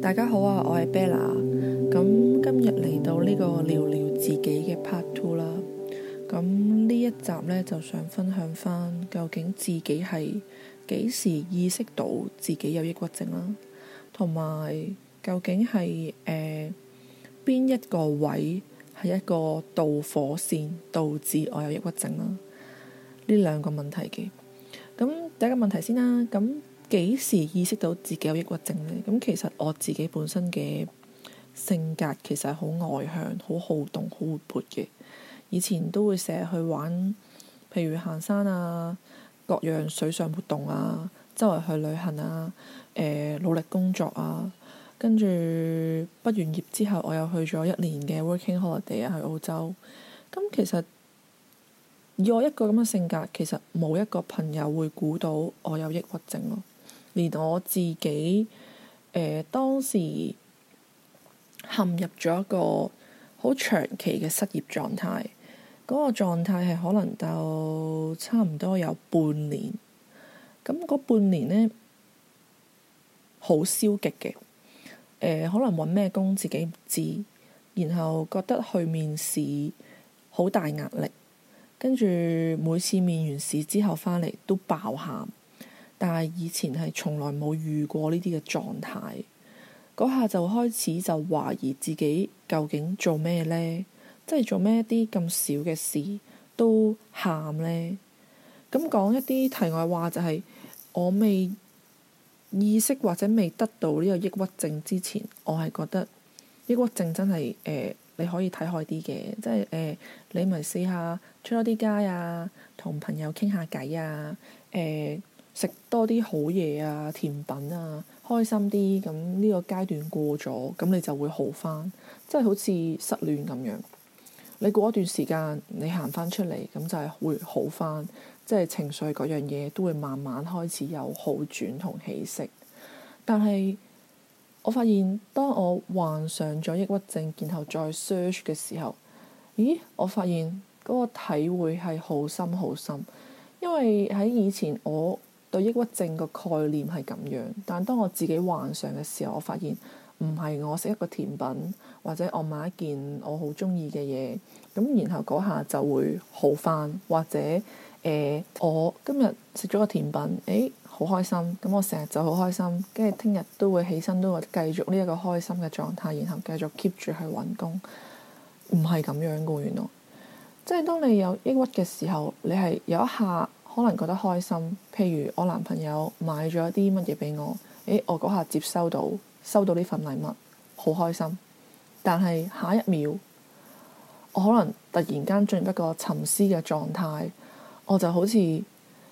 大家好啊，我係 Bella，咁今日嚟到呢個聊聊自己嘅 Part Two 啦。咁呢一集呢，就想分享翻，究竟自己係幾時意識到自己有抑鬱症啦，同埋究竟係誒邊一個位係一個導火線導致我有抑鬱症啦？呢兩個問題嘅。咁第一個問題先啦，咁。幾時意識到自己有抑鬱症呢？咁其實我自己本身嘅性格其實係好外向、好好動、好活潑嘅。以前都會成日去玩，譬如行山啊、各樣水上活動啊、周圍去旅行啊。誒、呃，努力工作啊，跟住畢完業之後，我又去咗一年嘅 working holiday 啊，去澳洲。咁其實以我一個咁嘅性格，其實冇一個朋友會估到我有抑鬱症咯。連我自己，誒、呃、當時陷入咗一個好長期嘅失業狀態，嗰、那個狀態係可能到差唔多有半年。咁嗰半年呢，好消極嘅、呃，可能揾咩工自己唔知，然後覺得去面試好大壓力，跟住每次面完試之後翻嚟都爆喊。但係以前係從來冇遇過呢啲嘅狀態，嗰下就開始就懷疑自己究竟做咩呢？即係做咩啲咁少嘅事都喊呢？咁講一啲題外話、就是，就係我未意識或者未得到呢個抑鬱症之前，我係覺得抑鬱症真係誒、呃、你可以睇開啲嘅，即係誒、呃、你咪試下出多啲街啊，同朋友傾下偈啊，誒、呃。食多啲好嘢啊，甜品啊，開心啲咁呢個階段過咗，咁你就會好翻，即係好似失戀咁樣。你過一段時間，你行翻出嚟，咁就係會好翻，即係情緒嗰樣嘢都會慢慢開始有好轉同起色。但係我發現，當我患上咗抑鬱症，然後再 search 嘅時候，咦？我發現嗰個體會係好深好深，因為喺以前我，對抑鬱症個概念係咁樣，但當我自己幻想嘅時候，我發現唔係我食一個甜品或者我買一件我好中意嘅嘢，咁然後嗰下就會好翻，或者誒、呃、我今日食咗個甜品，誒、哎、好開心，咁我成日就好開心，跟住聽日都會起身都會繼續呢一個開心嘅狀態，然後繼續 keep 住去搵工。唔係咁樣嘅，原來，即係當你有抑鬱嘅時候，你係有一下。可能覺得開心，譬如我男朋友買咗一啲乜嘢俾我，誒，我嗰下接收到收到呢份禮物，好開心。但係下一秒，我可能突然間進入一個沉思嘅狀態，我就好似一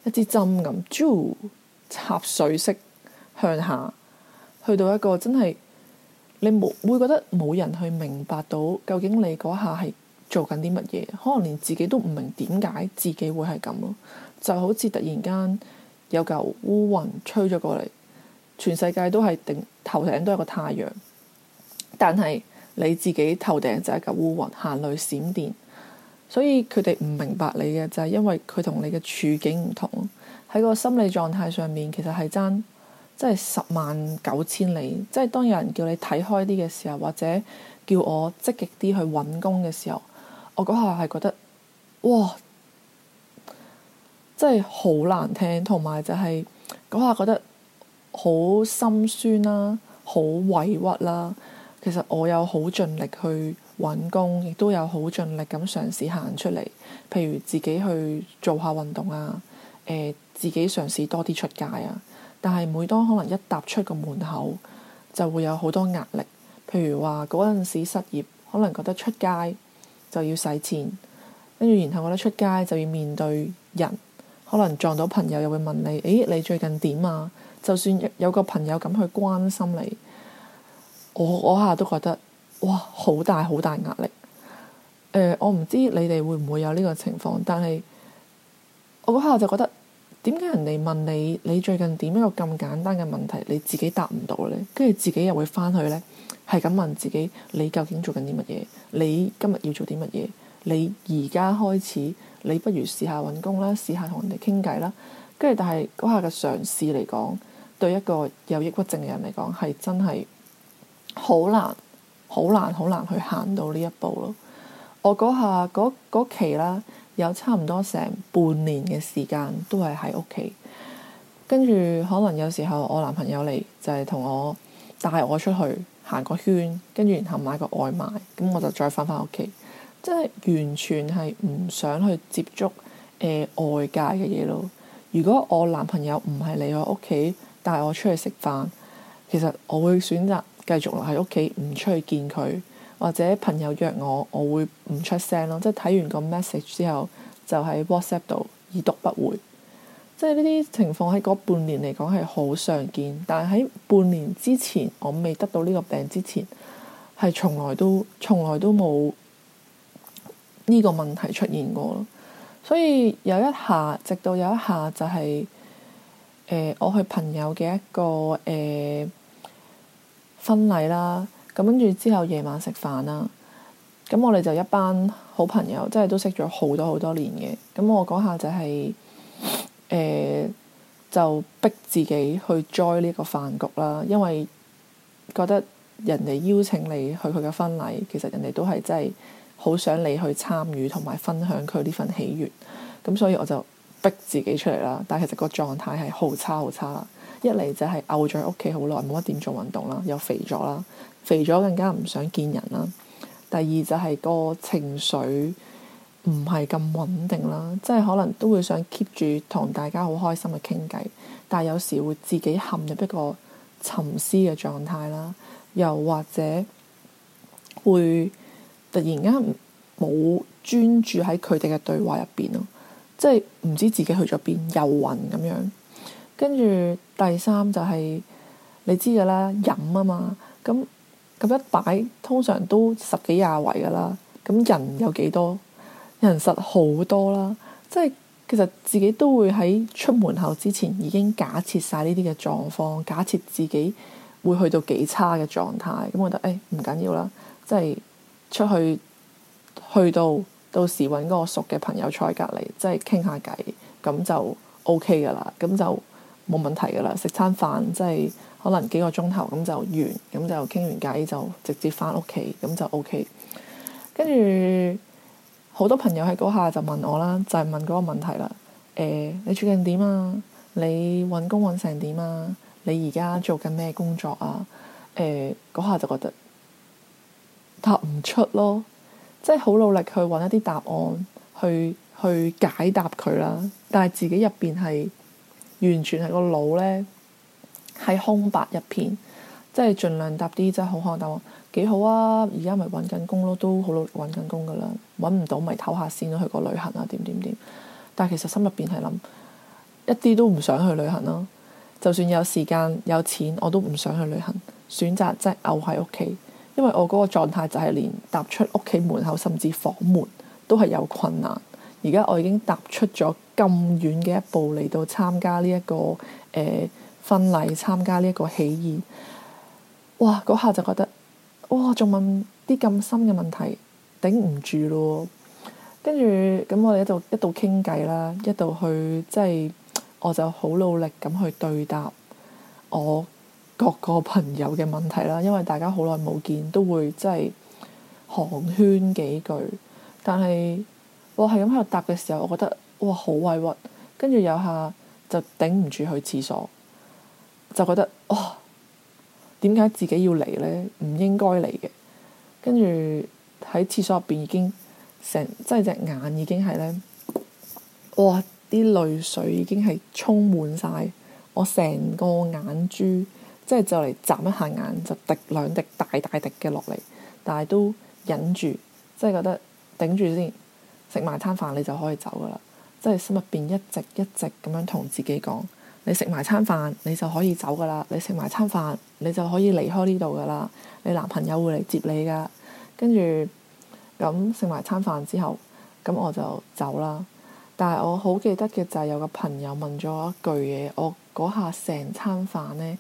支針咁，啾插水式向下去到一個真係你冇會覺得冇人去明白到究竟你嗰下係。做緊啲乜嘢？可能連自己都唔明點解自己會係咁咯，就好似突然間有嚿烏雲吹咗過嚟，全世界都係頂，頭頂都係個太陽，但係你自己頭頂就係嚿烏雲、行雷、閃電。所以佢哋唔明白你嘅就係、是、因為佢同你嘅處境唔同喺個心理狀態上面，其實係爭即係十萬九千里。即係當有人叫你睇開啲嘅時候，或者叫我積極啲去揾工嘅時候。我嗰下係覺得哇，真係好難聽，同埋就係嗰下覺得好心酸啦、啊，好委屈啦、啊。其實我有好盡力去揾工，亦都有好盡力咁嘗試行出嚟，譬如自己去做下運動啊，誒、呃、自己嘗試多啲出街啊。但係每當可能一踏出個門口，就會有好多壓力，譬如話嗰陣時失業，可能覺得出街，就要使錢，跟住然後我覺得出街就要面對人，可能撞到朋友又會問你，誒你最近點啊？就算有個朋友咁去關心你，我我下都覺得，哇，好大好大壓力。呃、我唔知你哋會唔會有呢個情況，但係我嗰下就覺得，點解人哋問你你最近點一個咁簡單嘅問題，你自己答唔到呢？跟住自己又會翻去呢，係咁問自己：你究竟做緊啲乜嘢？你今日要做啲乜嘢？你而家開始，你不如試下揾工啦，試下同人哋傾偈啦。跟住，但係嗰下嘅嘗試嚟講，對一個有抑鬱症嘅人嚟講，係真係好難，好難，好難去行到呢一步咯。我嗰下嗰期啦，有差唔多成半年嘅時間都係喺屋企，跟住可能有時候我男朋友嚟就係同我帶我出去。行個圈，跟住然後買個外賣，咁我就再返返屋企，即係完全係唔想去接觸誒、呃、外界嘅嘢咯。如果我男朋友唔係嚟我屋企帶我出去食飯，其實我會選擇繼續留喺屋企，唔出去見佢，或者朋友約我，我會唔出聲咯。即係睇完個 message 之後，就喺 WhatsApp 度已讀不回。即係呢啲情況喺嗰半年嚟講係好常見，但係喺半年之前我未得到呢個病之前，係從來都從來都冇呢個問題出現過咯。所以有一下，直到有一下就係、是、誒、呃，我去朋友嘅一個誒、呃、婚禮啦，咁跟住之後夜晚食飯啦，咁我哋就一班好朋友，即係都識咗好多好多年嘅，咁我嗰下就係、是。誒、呃、就逼自己去 join 呢個飯局啦，因為覺得人哋邀請你去佢嘅婚禮，其實人哋都係真係好想你去參與同埋分享佢呢份喜悅。咁所以我就逼自己出嚟啦，但其實個狀態係好差好差啦。一嚟就係吽咗喺屋企好耐，冇乜點做運動啦，又肥咗啦，肥咗更加唔想見人啦。第二就係個情緒。唔係咁穩定啦，即係可能都會想 keep 住同大家好開心嘅傾偈，但係有時會自己陷入一個沉思嘅狀態啦，又或者會突然間冇專注喺佢哋嘅對話入邊咯，即係唔知自己去咗邊遊魂咁樣。跟住第三就係、是、你知嘅啦，飲吖嘛，咁咁一擺通常都十幾廿圍噶啦，咁人有幾多？人實好多啦，即係其實自己都會喺出門口之前已經假設晒呢啲嘅狀況，假設自己會去到幾差嘅狀態，咁我覺得誒唔緊要啦，即係出去去到到時揾個熟嘅朋友坐喺隔離，即係傾下偈，咁就 OK 噶啦，咁就冇問題噶啦，食餐飯即係可能幾個鐘頭，咁就完，咁就傾完偈就直接翻屋企，咁就 OK，跟住。好多朋友喺嗰下就問我啦，就係、是、問嗰個問題啦。誒、呃，你最近點啊？你揾工揾成點啊？你而家做緊咩工作啊？誒、呃，嗰下就覺得答唔出咯，即係好努力去揾一啲答案去去解答佢啦。但係自己入邊係完全係個腦咧，係空白一片。即係盡量搭啲真係好康，但係幾好啊！而家咪揾緊工咯，都好努力揾緊工噶啦，揾唔到咪唞下先咯。去個旅行啊，點點點。但係其實心入邊係諗一啲都唔想去旅行啦、啊。就算有時間有錢，我都唔想去旅行，選擇即係唞喺屋企。因為我嗰個狀態就係連踏出屋企門口，甚至房門都係有困難。而家我已經踏出咗咁遠嘅一步嚟到參加呢、呢、一個誒婚、呃、禮，參加呢一個喜宴。哇！嗰下就覺得哇，仲問啲咁深嘅問題，頂唔住咯。跟住咁，我哋就一度傾偈啦，一度去即係我就好努力咁去對答我各個朋友嘅問題啦。因為大家好耐冇見，都會即係寒暄幾句。但係我係咁喺度答嘅時候，我覺得哇好委屈。跟住有下就頂唔住去廁所，就覺得哇～點解自己要嚟呢？唔應該嚟嘅，跟住喺廁所入邊已經成即係隻眼已經係呢。哇！啲淚水已經係充滿晒。我成個眼珠，即係就嚟眨一下眼就滴兩滴大大滴嘅落嚟，但係都忍住，即係覺得頂住先，食埋餐飯你就可以走㗎喇，即係心入邊一直一直咁樣同自己講。你食埋餐飯，你就可以走噶啦。你食埋餐飯，你就可以離開呢度噶啦。你男朋友會嚟接你噶，跟住咁食埋餐飯之後，咁我就走啦。但係我好記得嘅就係有個朋友問咗我一句嘢，我嗰下成餐飯呢，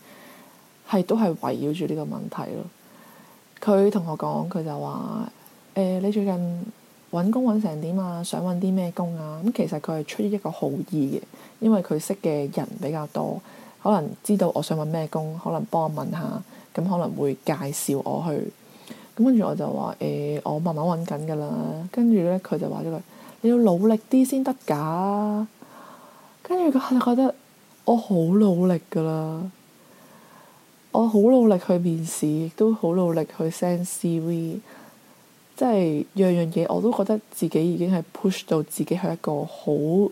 係都係圍繞住呢個問題咯。佢同我講，佢就話誒、欸，你最近。揾工揾成點啊？想揾啲咩工啊？咁其實佢係出於一個好意嘅，因為佢識嘅人比較多，可能知道我想揾咩工，可能幫我問下，咁可能會介紹我去。咁跟住我就話誒、欸，我慢慢揾緊㗎啦。跟住呢，佢就話咗句，你要努力啲先得㗎。跟住佢就覺得我好努力㗎啦，我好努力去面試，亦都好努力去 send CV。即係樣樣嘢，我都覺得自己已經係 push 到自己係一個好，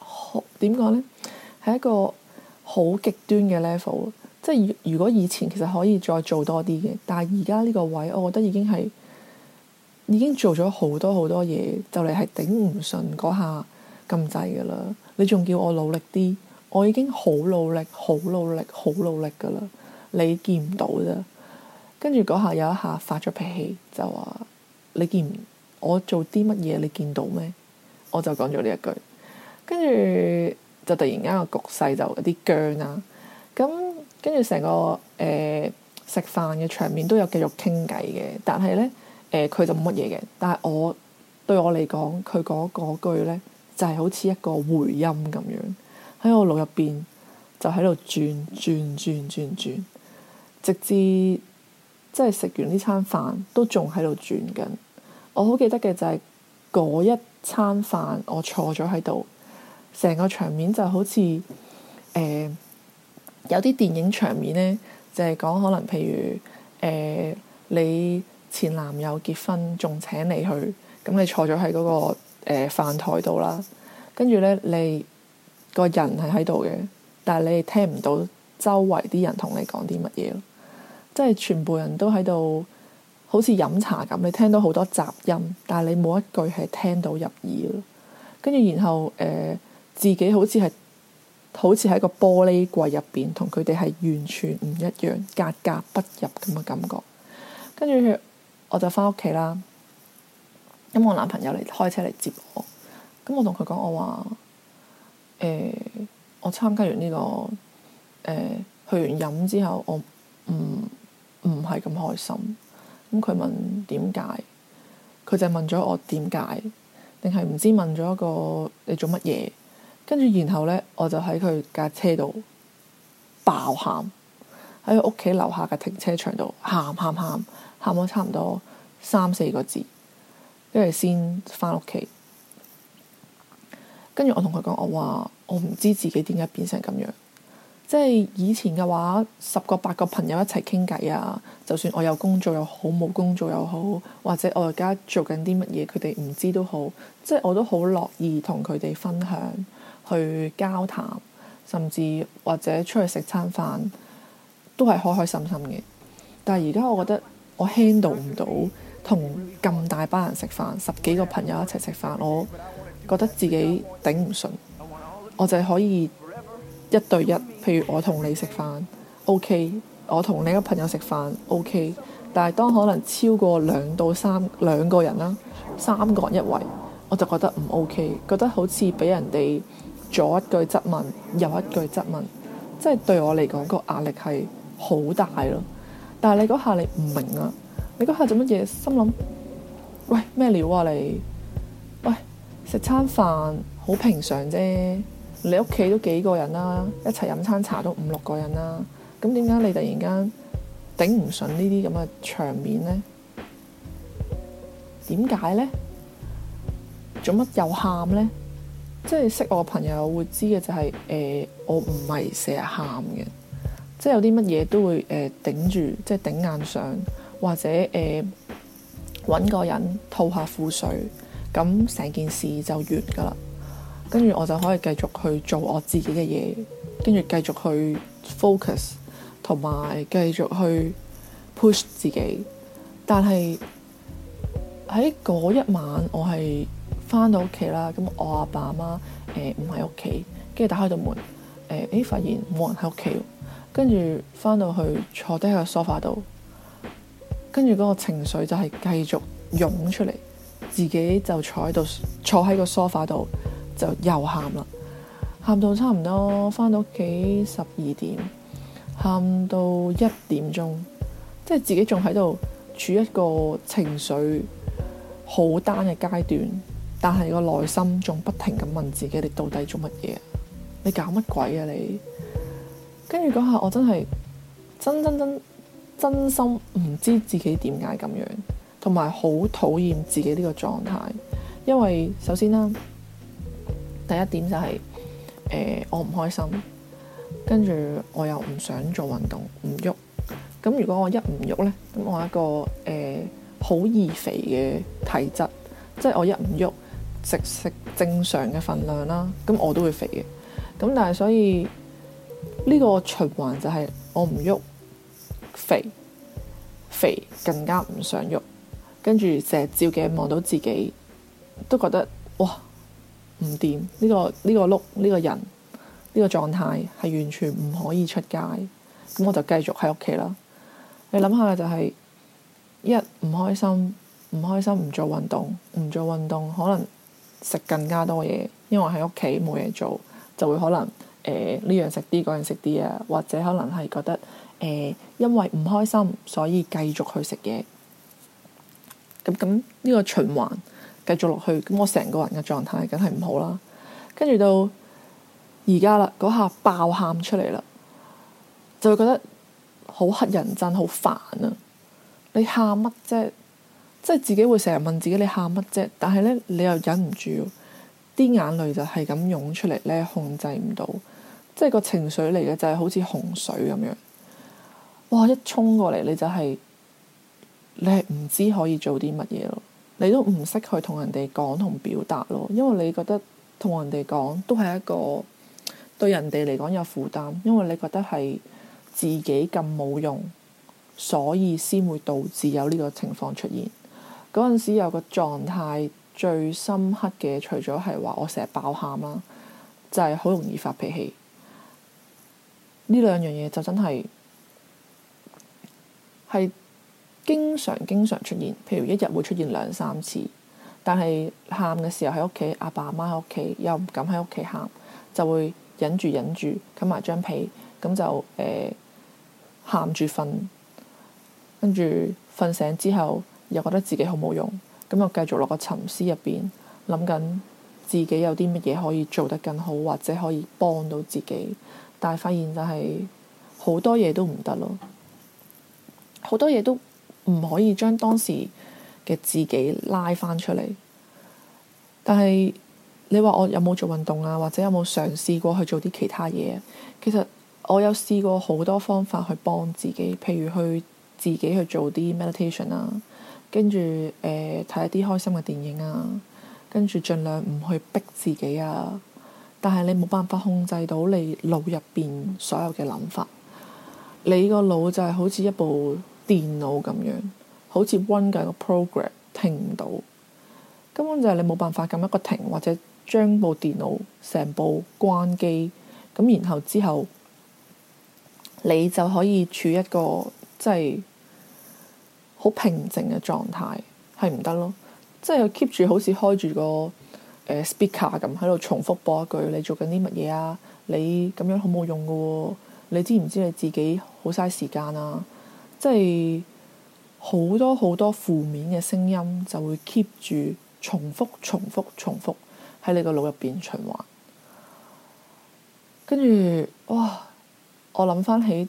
好點講呢，係一個好極端嘅 level。即係如果以前其實可以再做多啲嘅，但係而家呢個位，我覺得已經係已經做咗好多好多嘢，就嚟係頂唔順嗰下咁滯噶啦。你仲叫我努力啲，我已經好努力、好努力、好努力噶啦，你見唔到啫。跟住嗰下有一下發咗脾氣，就話你見唔見我做啲乜嘢？你見你到咩？我就講咗呢一句，跟住就突然間個局勢就有啲僵啦、啊。咁跟住成個誒、呃、食飯嘅場面都有繼續傾偈嘅，但係呢，誒、呃、佢就冇乜嘢嘅。但係我對我嚟講，佢嗰、那個、句呢就係、是、好似一個回音咁樣喺我腦入邊就喺度轉轉轉轉轉，直至。即係食完呢餐飯都仲喺度轉緊。我好記得嘅就係、是、嗰一餐飯，我坐咗喺度，成個場面就好似誒、呃、有啲電影場面呢，就係、是、講可能譬如誒、呃、你前男友結婚，仲請你去，咁你坐咗喺嗰個誒飯台度啦，跟、呃、住呢，你個人係喺度嘅，但係你哋聽唔到周圍啲人同你講啲乜嘢即係全部人都喺度，好似飲茶咁。你聽到好多雜音，但係你冇一句係聽到入耳。跟住然後誒、呃，自己好似係好似喺個玻璃櫃入邊，同佢哋係完全唔一樣，格格不入咁嘅感覺。跟住我就翻屋企啦。咁我男朋友嚟開車嚟接我。咁我同佢講，我話誒，我參加完呢個誒、呃、去完飲之後，我唔。嗯唔係咁開心，咁佢問點解？佢就問咗我點解，定係唔知問咗一個你做乜嘢？跟住然後呢，我就喺佢架車度爆喊，喺佢屋企樓下嘅停車場度喊喊喊喊咗差唔多三四個字，跟住先翻屋企。跟住我同佢講，我話我唔知自己點解變成咁樣。即係以前嘅話，十個八個朋友一齊傾偈啊。就算我有工作又好，冇工作又好，或者我而家做緊啲乜嘢，佢哋唔知都好。即係我都好樂意同佢哋分享、去交談，甚至或者出去食餐飯都係開開心心嘅。但係而家我覺得我 handle 唔到同咁大班人食飯，十幾個朋友一齊食飯，我覺得自己頂唔順，我就係可以一對一。譬如我同你食飯，OK；我同另一個朋友食飯，OK。但係當可能超過兩到三兩個人啦，三個人一圍，我就覺得唔 OK，覺得好似俾人哋左一句質問，右一句質問，即係對我嚟講個壓力係好大咯。但係你嗰下你唔明啊，你嗰下做乜嘢？心諗，喂，咩料啊你？喂，食餐飯好平常啫。你屋企都幾個人啦、啊，一齊飲餐茶都五六個人啦、啊，咁點解你突然間頂唔順呢啲咁嘅場面呢？點解呢？做乜又喊呢？即係識我嘅朋友會知嘅就係、是，誒、呃，我唔係成日喊嘅，即係有啲乜嘢都會誒、呃、頂住，即係頂硬上，或者誒揾、呃、個人吐下苦水，咁成件事就完噶啦。跟住我就可以繼續去做我自己嘅嘢，跟住繼續去 focus，同埋繼續去 push 自己。但係喺嗰一晚我，我係返到屋企啦。咁我阿爸阿媽誒唔喺屋企，跟住打開道門誒，哎、呃、發現冇人喺屋企，跟住返到去坐低喺個 sofa 度，跟住嗰個情緒就係繼續湧出嚟，自己就坐喺度坐喺個 sofa 度。就又喊啦，喊到差唔多翻到屋企十二點，喊到一點鐘，即係自己仲喺度處一個情緒好單嘅階段，但係個內心仲不停咁問自己：你到底做乜嘢？你搞乜鬼啊你？你跟住嗰下，我真係真真真真心唔知自己點解咁樣，同埋好討厭自己呢個狀態，因為首先啦。第一點就係誒我唔開心，跟住我又唔想做運動，唔喐。咁如果我一唔喐呢，咁我一個誒好易肥嘅體質，即係我一唔喐食、食正常嘅份量啦，咁我都會肥嘅。咁但係所以呢個循環就係我唔喐，肥，肥更加唔想喐，跟住成日照鏡望到自己都覺得哇～唔掂呢個呢、呢個碌呢個人呢、呢個狀態係完全唔可以出街，咁我就繼續喺屋企啦。你諗下就係、係、一唔開心，唔開心唔做運動，唔做運動可能食更加多嘢，因為喺屋企冇嘢做，就會可能呢樣食啲，嗰樣食啲啊，或者可能係覺得、呃、因為唔開心，所以繼續去食嘢。咁咁呢個循環。繼續落去，咁我成個人嘅狀態梗係唔好啦。跟住到而家啦，嗰下爆喊出嚟啦，就會覺得好乞人憎，好煩啊！你喊乜啫？即係自己會成日問自己：你喊乜啫？但係呢，你又忍唔住，啲眼淚就係咁湧出嚟咧，你控制唔到，即係個情緒嚟嘅，就係好似洪水咁樣。哇！一衝過嚟，你就係，你係唔知可以做啲乜嘢咯～你都唔識去同人哋講同表達咯，因為你覺得同人哋講都係一個對人哋嚟講有負擔，因為你覺得係自己咁冇用，所以先會導致有呢個情況出現。嗰陣時有個狀態最深刻嘅，除咗係話我成日爆喊啦，就係、係、好容易發脾氣。呢兩樣嘢就真係係。經常經常出現，譬如一日會出現兩三次。但係喊嘅時候喺屋企，阿爸阿媽喺屋企，又唔敢喺屋企喊，就會忍住忍住，冚埋張被，咁就，誒，喊住瞓。跟住瞓醒之後，又覺得自己好冇用，咁又繼續落個沉思入邊，諗緊自己有啲乜嘢可以做得更好，或者可以幫到自己。但係發現就係，好多嘢都唔得咯，好多嘢都。唔可以將當時嘅自己拉翻出嚟。但係你話我有冇做運動啊？或者有冇嘗試過去做啲其他嘢？其實我有試過好多方法去幫自己，譬如去自己去做啲 meditation 啦、啊，跟住誒睇一啲開心嘅電影啊，跟住盡量唔去逼自己啊。但係你冇辦法控制到你腦入邊所有嘅諗法，你個腦就係好似一部。電腦咁樣好似 run 緊個 program，停唔到，根本就係你冇辦法撳一個停，或者將部電腦成部關機咁，然後之後你就可以處一個即係好平靜嘅狀態，係唔得咯。即係 keep 住好似開住個 speaker 咁喺度重複播一句你做緊啲乜嘢啊？你咁樣好冇用噶喎、啊。你知唔知你自己好嘥時間啊？即係好多好多負面嘅聲音就會 keep 住重複重複重複喺你個腦入邊循環，跟住哇，我諗翻起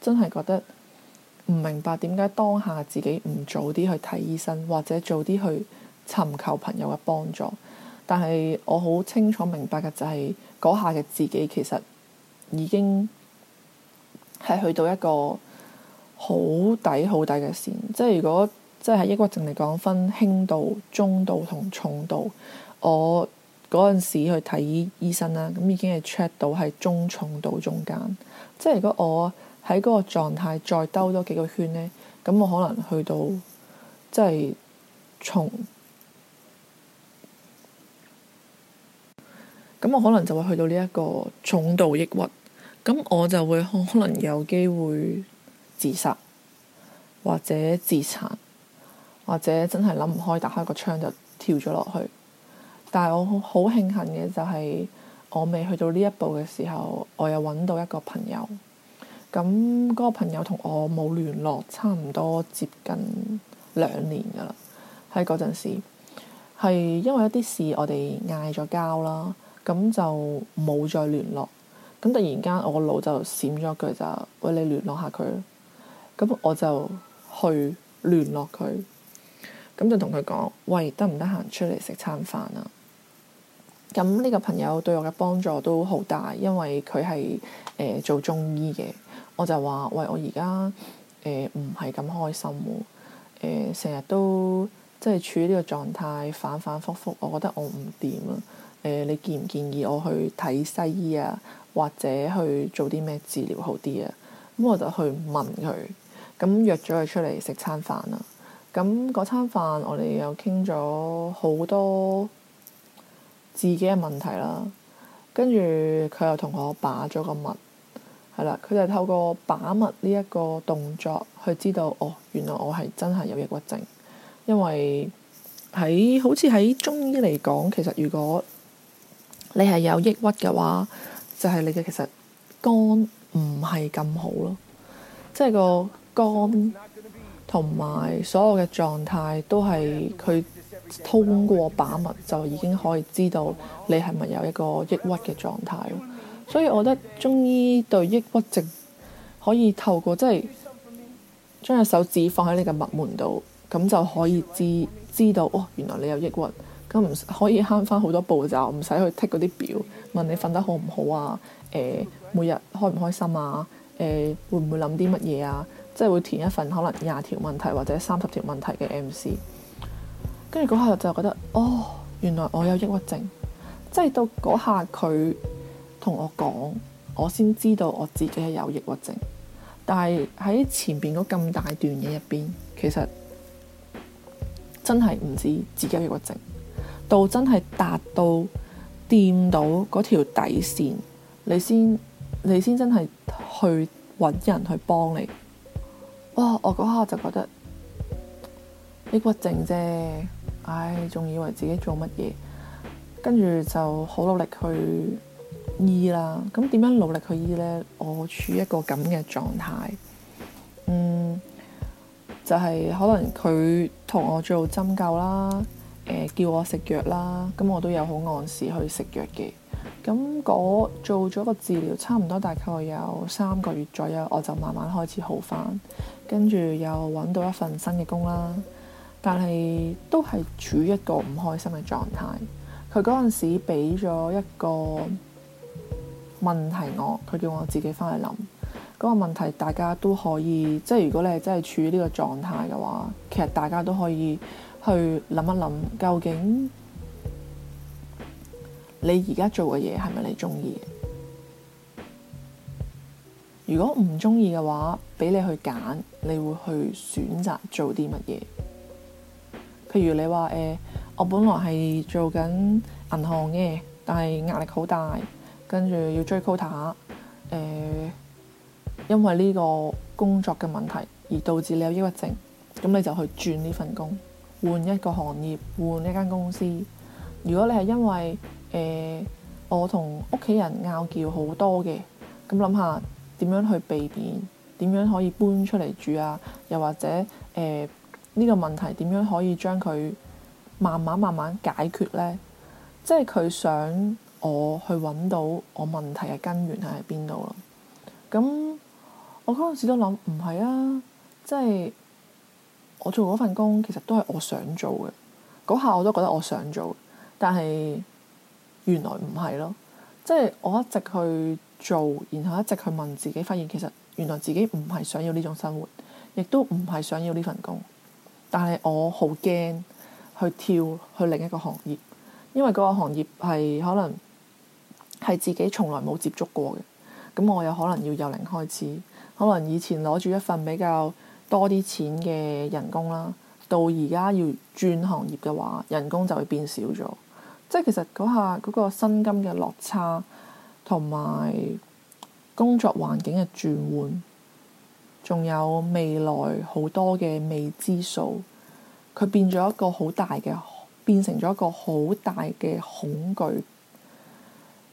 真係覺得唔明白點解當下自己唔早啲去睇醫生，或者早啲去尋求朋友嘅幫助。但係我好清楚明白嘅就係，嗰下嘅自己其實已經係去到一個。好抵好抵嘅線，即係如果即係喺抑鬱症嚟講，分輕度、中度同重度。我嗰陣時去睇醫，醫生啦，咁已經係 check 到係中重度中間。即係如果我喺嗰個狀態再兜多幾個圈呢，咁我可能去到即係重，咁我可能就會去到呢一個重度抑鬱。咁我就會可能有機會。自殺或者自殘，或者真係諗唔開，打開個窗就跳咗落去。但係我好慶幸嘅就係、是、我未去到呢一步嘅時候，我又搵到一個朋友。咁嗰個朋友同我冇聯絡，差唔多接近兩年噶啦。喺嗰陣時係因為一啲事我，我哋嗌咗交啦，咁就冇再聯絡。咁突然間，我個腦就閃咗，佢就：喂，你聯絡下佢。咁我就去聯絡佢，咁就同佢講：喂，得唔得閒出嚟食餐飯啊？咁呢個朋友對我嘅幫助都好大，因為佢係誒做中醫嘅。我就話：喂，我而家誒唔係咁開心，誒成日都即係處於呢個狀態，反反覆覆，我覺得我唔掂啊！誒、呃，你建唔建議我去睇西醫啊？或者去做啲咩治療好啲啊？咁我就去問佢。咁約咗佢出嚟食餐飯啦。咁嗰餐飯，我哋又傾咗好多自己嘅問題啦。跟住佢又同我把咗個脈係啦，佢就透過把脈呢一個動作去知道哦，原來我係真係有抑鬱症，因為喺好似喺中醫嚟講，其實如果你係有抑鬱嘅話，就係、是、你嘅其實肝唔係咁好咯，即係個。肝同埋所有嘅狀態都係佢通過把脈就已經可以知道你係咪有一個抑鬱嘅狀態。所以我覺得中醫對抑鬱症可以透過即係將隻手指放喺你嘅脈門度，咁就可以知知道哦，原來你有抑鬱。咁唔可以慳返好多步驟，唔使去剔嗰啲表問你瞓得好唔好啊？誒、呃，每日開唔開心啊？誒、呃，會唔會諗啲乜嘢啊？即係會填一份可能廿條問題或者三十條問題嘅 MC，跟住嗰下就覺得，哦，原來我有抑鬱症。即係到嗰下佢同我講，我先知道我自己係有抑鬱症。但係喺前邊嗰咁大段嘢入邊，其實真係唔知自己有抑鬱症，到真係達到掂到嗰條底線，你先你先真係去揾人去幫你。哇、哦！我嗰下就覺得抑鬱症啫，唉，仲以為自己做乜嘢，跟住就好努力去醫啦。咁點樣努力去醫呢？我處於一個咁嘅狀態，嗯，就係、是、可能佢同我做針灸啦，誒、呃，叫我食藥啦，咁我都有好按時去食藥嘅。咁我做咗個治療，差唔多大概有三個月左右，我就慢慢開始好返。跟住又揾到一份新嘅工啦，但係都係處於一個唔開心嘅狀態。佢嗰陣時俾咗一個問題我，佢叫我自己翻去諗嗰個問題。大家都可以，即係如果你係真係處於呢個狀態嘅話，其實大家都可以去諗一諗究竟你而家做嘅嘢係咪你中意？如果唔中意嘅話，俾你去揀，你會去選擇做啲乜嘢？譬如你話誒、呃，我本來係做緊銀行嘅，但係壓力好大，跟住要追 quota、呃、因為呢個工作嘅問題而導致你有抑鬱症，咁你就去轉呢份工，換一個行業，換一間公司。如果你係因為誒、呃、我同屋企人拗撬好多嘅，咁諗下。點樣去避免？點樣可以搬出嚟住啊？又或者誒、呢、呃呢個問題點樣可以將佢慢慢慢慢解決呢？即係佢想我去揾到我問題嘅根源係喺邊度咯？咁、嗯、我嗰陣時都諗唔係啊！即係我做嗰份工其實都係我想做嘅，嗰下我都覺得我想做，但係原來唔係咯。即係我一直去做，然後一直去問自己，發現其實原來自己唔係想要呢種生活，亦都唔係想要呢份工。但係我好驚去跳去另一個行業，因為嗰個行業係可能係自己從來冇接觸過嘅。咁我有可能要由零開始，可能以前攞住一份比較多啲錢嘅人工啦，到而家要轉行業嘅話，人工就會變少咗。即係其實嗰下嗰個薪金嘅落差。同埋工作環境嘅轉換，仲有未來好多嘅未知數，佢變咗一個好大嘅變成咗一個好大嘅恐懼，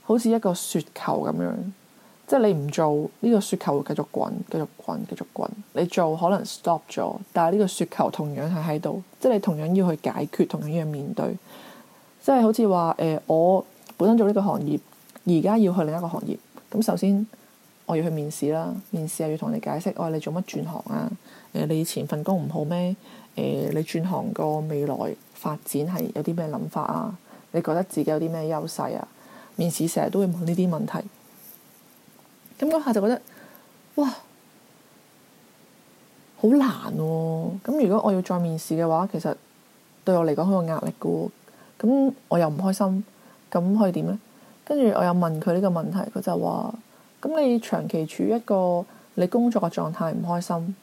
好似一個雪球咁樣，即係你唔做呢個雪球會繼續滾，繼續滾，繼續滾。你做可能 stop 咗，但係呢個雪球同樣係喺度，即係你同樣要去解決，同樣要面對，即係好似話誒，我本身做呢個行業。而家要去另一個行業，咁首先我要去面試啦。面試又要同你解釋，我話，哎、你做乜轉行啊？誒、呃，你以前份工唔好咩？誒、呃，你轉行個未來發展係有啲咩諗法啊？你覺得自己有啲咩優勢啊？面試成日都會問呢啲問題，咁嗰下就覺得哇，好難喎，啊。咁如果我要再面試嘅話，其實對我嚟講好有壓力噶。咁我又唔開心，咁可以點咧？跟住，我又問佢呢個問題，佢就話：咁、嗯、你長期處於一個你工作嘅狀態唔開心，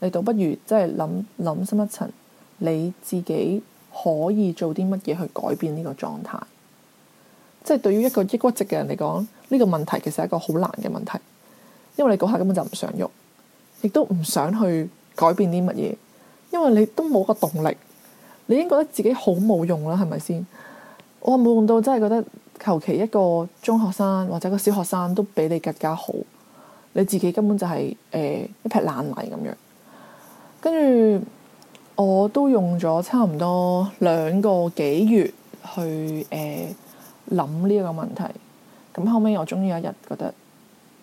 你倒不如即係諗諗深一層，你自己可以做啲乜嘢去改變呢個狀態？即係 對於一個抑鬱症嘅人嚟講，呢、這個問題其實係一個好難嘅問題，因為你嗰下根本就唔想喐，亦都唔想去改變啲乜嘢，因為你都冇個動力，你已經覺得自己好冇用啦，係咪先？我話冇用到真係覺得。求其一個中學生或者個小學生都比你更加好，你自己根本就係、是、誒、呃、一撇爛泥咁樣。跟住我都用咗差唔多兩個幾月去誒諗呢一個問題。咁後尾我終於有一日覺得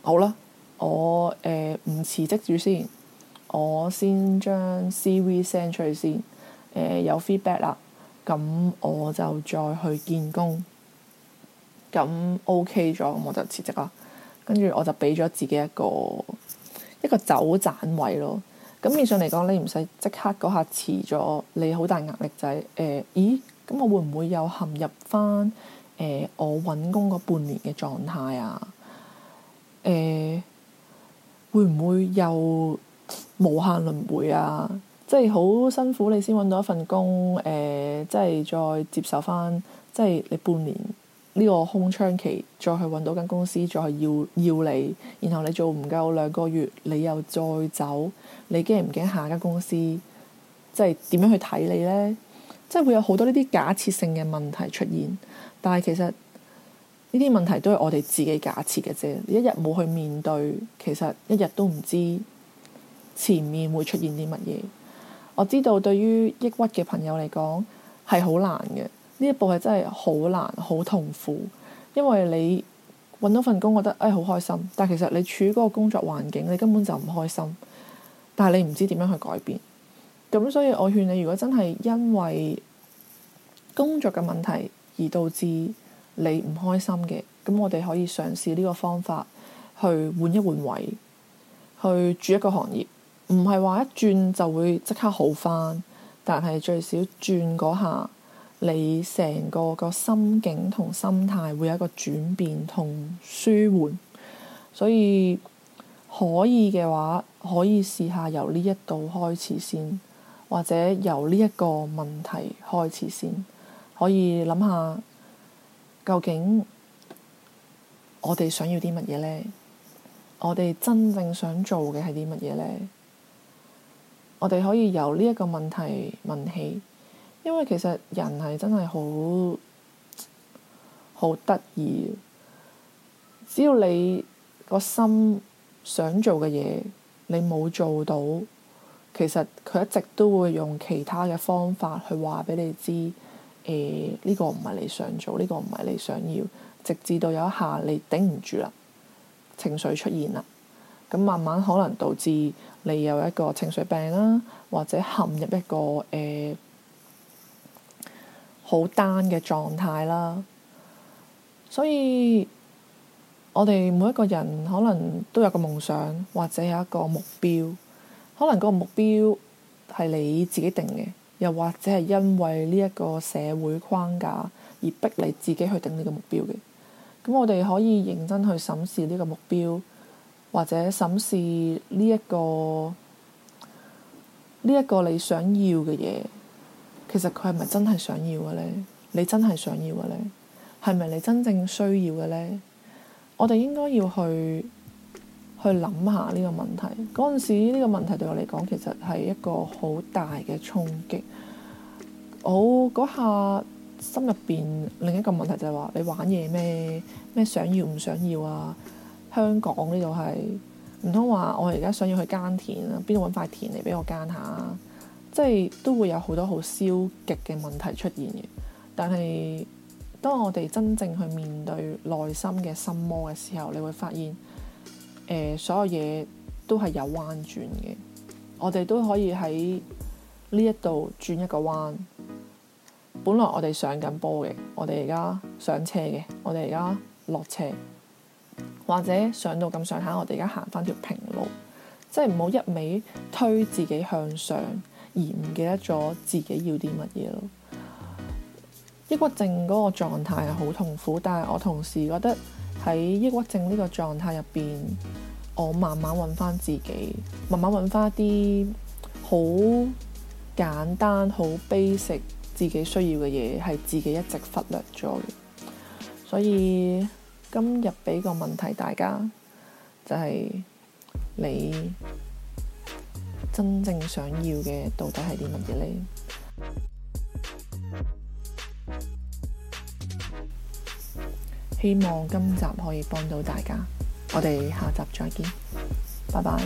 好啦，我誒唔、呃、辭職住先，我先將 C.V. send 出去先誒、呃，有 feedback 啦。咁我就再去見工。咁 O K 咗，OK，我就辭職啦。跟住我就俾咗自己一個一個走盞位咯。咁面上嚟講，你唔使即刻嗰下辭咗，你好大壓力就係誒。咦？咁我會唔會又陷入翻誒、呃？我揾工嗰半年嘅狀態啊？誒、呃，會唔會又無限輪迴啊？即係好辛苦，你先揾到一份工誒、呃，即係再接受翻，即係你半年。呢個空窗期，再去揾到間公司，再去要要你，然後你做唔夠兩個月，你又再走，你驚唔驚下間公司即係點樣去睇你呢？即係會有好多呢啲假設性嘅問題出現，但係其實呢啲問題都係我哋自己假設嘅啫，一日冇去面對，其實一日都唔知前面會出現啲乜嘢。我知道對於抑鬱嘅朋友嚟講係好難嘅。呢一步係真係好難，好痛苦，因為你揾到份工，覺得哎，好開心，但其實你處嗰個工作環境，你根本就唔開心。但係你唔知點樣去改變。咁所以我勸你，如果真係因為工作嘅問題而導致你唔開心嘅，咁我哋可以嘗試呢個方法去換一換位，去住一個行業，唔係話一轉就會即刻好返，但係最少轉嗰下，你成個個心境同心態會有一個轉變同舒緩，所以可以嘅話，可以試下由呢一度開始先，或者由呢一個問題開始先，可以諗下究竟我哋想要啲乜嘢呢？我哋真正想做嘅係啲乜嘢呢？我哋可以由呢一個問題問起。因為其實人係真係好好得意，只要你個心想做嘅嘢，你冇做到，其實佢一直都會用其他嘅方法去話俾你知，誒、呃、呢、呢個唔係你想做，呢、呢個唔係你想要，直至到有一下你頂唔住啦，情緒出現啦，咁慢慢可能導致你有一個情緒病啦、啊，或者陷入一個誒、呃好 down 嘅狀態啦，所以我哋每一個人可能都有個夢想，或者有一個目標，可能嗰個目標係你自己定嘅，又或者係因為呢一個社會框架而逼你自己去定呢個目標嘅。咁我哋可以認真去審視呢個目標，或者審視呢一個呢一個你想要嘅嘢。其實佢係咪真係想要嘅咧？你真係想要嘅咧？係咪你真正需要嘅咧？我哋應該要去去諗下呢個問題。嗰陣時，呢個問題對我嚟講，其實係一個好大嘅衝擊。好、哦、嗰下心入邊另一個問題就係話：你玩嘢咩？咩想要唔想要啊？香港呢度係唔通話我而家想要去耕田啊？邊度搵塊田嚟俾我耕下？即係都會有好多好消極嘅問題出現嘅。但係當我哋真正去面對內心嘅心魔嘅時候，你會發現，誒、呃、所有嘢都係有彎轉嘅。我哋都可以喺呢一度轉一個彎。本來我哋上緊波嘅，我哋而家上車嘅，我哋而家落車，或者上到咁上下，我哋而家行翻條平路，即係唔好一味推自己向上。而唔記得咗自己要啲乜嘢咯。抑鬱症嗰個狀態係好痛苦，但係我同時覺得喺抑鬱症呢個狀態入邊，我慢慢揾翻自己，慢慢揾翻啲好簡單、好 basic 自己需要嘅嘢，係自己一直忽略咗嘅。所以今日俾個問題大家，就係、是、你。真正想要嘅到底係啲乜嘢呢？希望今集可以幫到大家，我哋下集再見，拜拜。